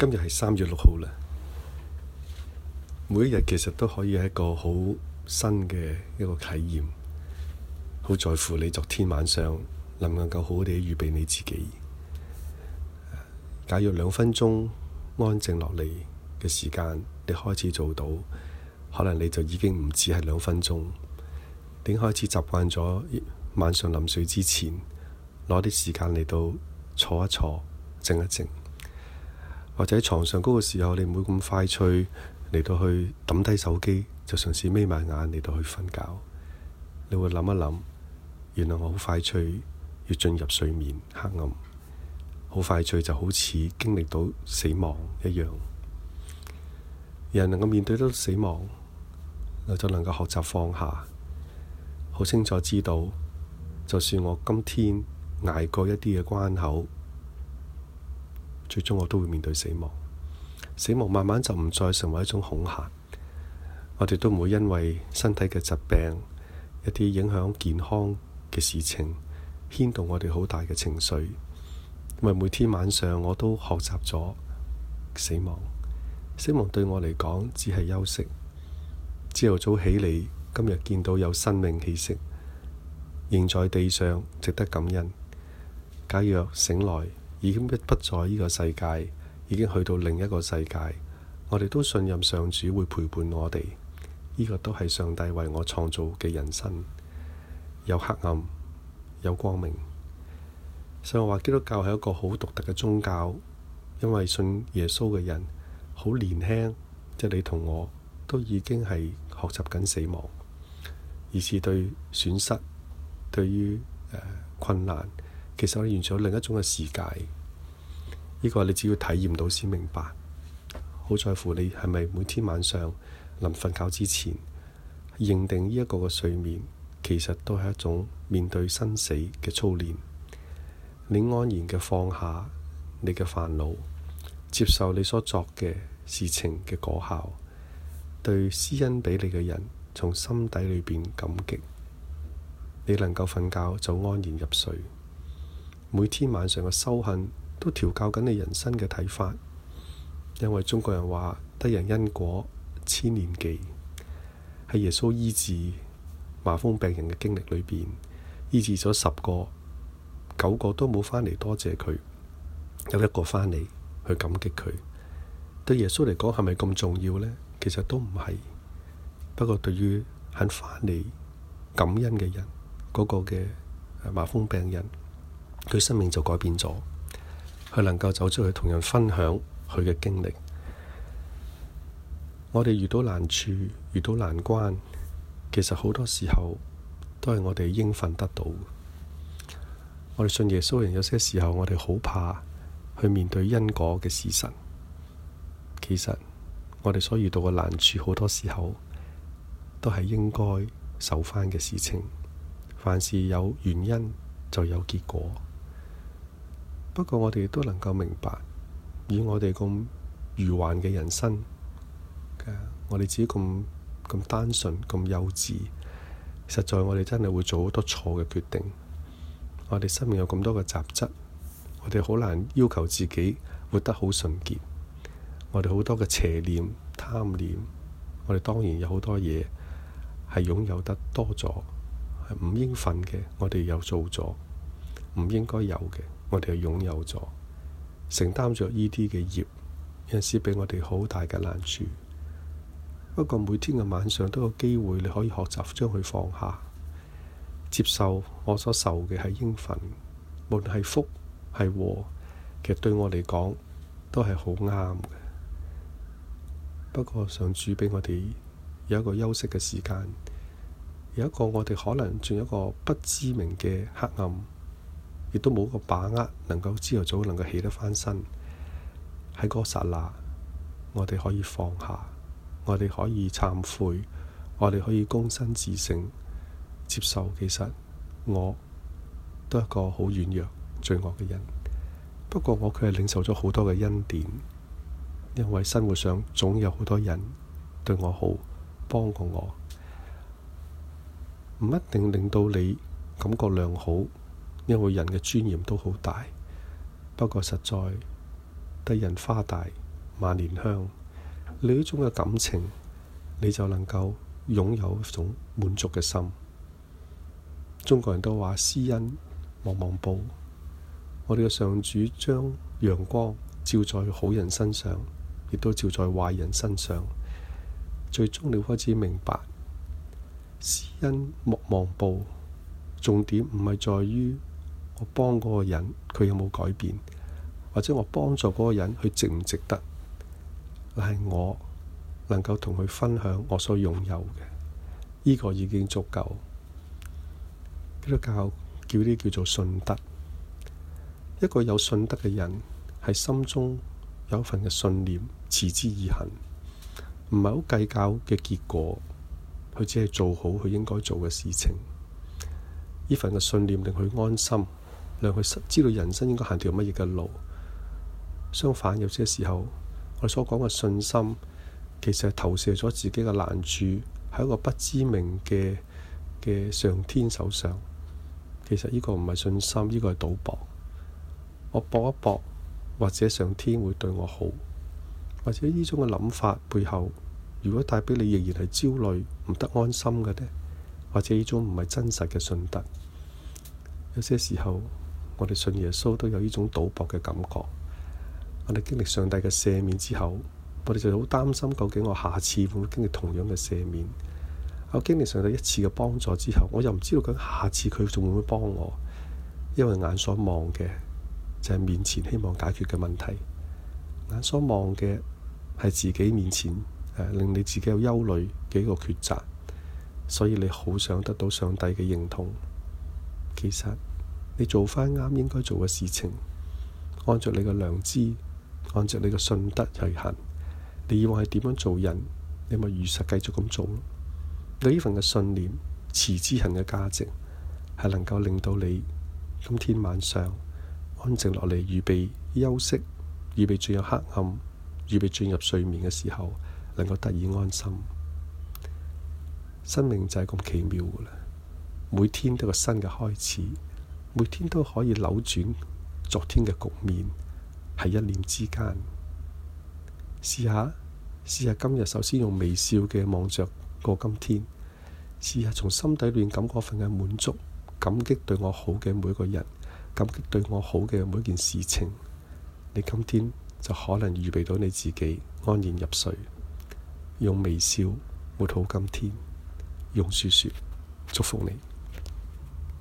今日係三月六號啦，每一日其實都可以係一個好新嘅一個體驗。好在乎你昨天晚上能唔能夠好好地預備你自己。假如兩分鐘安靜落嚟嘅時間，你開始做到，可能你就已經唔止係兩分鐘。點開始習慣咗晚上臨睡之前，攞啲時間嚟到坐一坐，靜一靜。或者床上高嘅時候，你唔會咁快脆嚟到去揼低手機，就嘗試眯埋眼嚟到去瞓覺。你會諗一諗，原來我好快脆，要進入睡眠黑暗，好快脆就好似經歷到死亡一樣。人能夠面對到死亡，我就能夠學習放下，好清楚知道，就算我今天捱過一啲嘅關口。最終我都會面對死亡，死亡慢慢就唔再成為一種恐嚇。我哋都唔會因為身體嘅疾病、一啲影響健康嘅事情，牽動我哋好大嘅情緒。因為每天晚上我都學習咗死亡，死亡對我嚟講只係休息。朝頭早起嚟，今日見到有生命氣息，仍在地上，值得感恩。假若醒來，已經不在呢個世界，已經去到另一個世界。我哋都信任上主會陪伴我哋。呢個都係上帝為我創造嘅人生，有黑暗，有光明。所以我話基督教係一個好獨特嘅宗教，因為信耶穌嘅人好年輕，即係你同我都已經係學習緊死亡，而是對損失，對於、呃、困難。其實你完成咗另一種嘅世界，呢、這個你只要體驗到先明白。好在乎你係咪每天晚上臨瞓覺之前認定呢一個嘅睡眠，其實都係一種面對生死嘅操練。你安然嘅放下你嘅煩惱，接受你所作嘅事情嘅果效，對施恩俾你嘅人從心底裏邊感激，你能夠瞓覺就安然入睡。每天晚上嘅修行都調教緊你人生嘅睇法，因為中國人話得人因果千年記。喺耶穌醫治麻風病人嘅經歷裏邊，醫治咗十個，九個都冇翻嚟多謝佢，有一個翻嚟去感激佢。對耶穌嚟講係咪咁重要咧？其實都唔係。不過對於肯翻嚟感恩嘅人，嗰個嘅麻風病人。佢生命就改變咗，佢能夠走出去同人分享佢嘅經歷。我哋遇到難處、遇到難關，其實好多時候都係我哋應份得到。我哋信耶穌人，有些時候我哋好怕去面對因果嘅事實。其實我哋所遇到嘅難處，好多時候都係應該受翻嘅事情。凡事有原因，就有結果。不過我哋亦都能夠明白，以我哋咁如幻嘅人生，我哋自己咁咁單純、咁幼稚，實在我哋真係會做好多錯嘅決定。我哋生命有咁多嘅雜質，我哋好難要求自己活得好純潔。我哋好多嘅邪念、貪念，我哋當然有好多嘢係擁有得多咗，係唔應份嘅，我哋又做咗。唔應該有嘅，我哋係擁有咗，承擔著呢啲嘅業，有陣時畀我哋好大嘅難處。不過每天嘅晚上都有機會，你可以學習將佢放下，接受我所受嘅係應份，無論係福係禍，其實對我嚟講都係好啱嘅。不過上主畀我哋有一個休息嘅時間，有一個我哋可能仲有一個不知名嘅黑暗。亦都冇個把握，能夠朝頭早能夠起得翻身。喺嗰剎那，我哋可以放下，我哋可以懺悔，我哋可以躬身自省，接受其實我都係一個好軟弱、罪惡嘅人。不過我卻係領受咗好多嘅恩典，因為生活上總有好多人對我好，幫過我，唔一定令到你感覺良好。因為人嘅尊嚴都好大，不過實在得人花大萬年香。你呢種嘅感情，你就能夠擁有一種滿足嘅心。中國人都話：施恩莫忘報。我哋嘅上主將陽光照在好人身上，亦都照在壞人身上，最終你開始明白施恩莫忘報。重點唔係在於。我幫嗰個人，佢有冇改變，或者我幫助嗰個人，佢值唔值得？但係我能夠同佢分享我所擁有嘅，呢個已經足夠。基督教叫呢啲叫做信德。一個有信德嘅人，係心中有一份嘅信念，持之以恆，唔係好計較嘅結果。佢只係做好佢應該做嘅事情。呢份嘅信念令佢安心。令佢知道人生應該行條乜嘢嘅路。相反，有些時候我所講嘅信心，其實係投射咗自己嘅難處喺一個不知名嘅嘅上天手上。其實呢個唔係信心，呢個係賭博。我搏一搏，或者上天會對我好，或者呢種嘅諗法背後，如果帶俾你仍然係焦慮、唔得安心嘅呢，或者呢種唔係真實嘅信德。有些時候。我哋信耶穌都有呢種賭博嘅感覺，我哋經歷上帝嘅赦免之後，我哋就好擔心究竟我下次會唔會經歷同樣嘅赦免。我經歷上帝一次嘅幫助之後，我又唔知道咁下次佢仲會唔會幫我，因為眼所望嘅就係面前希望解決嘅問題，眼所望嘅係自己面前誒，令你自己有憂慮嘅一個抉擇，所以你好想得到上帝嘅認同，其實。你做翻啱應該做嘅事情，按著你嘅良知，按著你嘅信德去行。你以往係點樣做人，你咪如實繼續咁做咯。你呢份嘅信念持之恆嘅價值係能夠令到你今天晚上安靜落嚟，預備休息，預備進入黑暗，預備進入睡眠嘅時候能夠得以安心。生命就係咁奇妙嘅啦，每天都有個新嘅開始。每天都可以扭轉昨天嘅局面，係一念之間。試下，試下今日首先用微笑嘅望着過今天，試下從心底裏感覺嗰份嘅滿足，感激對我好嘅每一個人，感激對我好嘅每件事情。你今天就可能預備到你自己安然入睡，用微笑活好今天。用樹說：祝福你。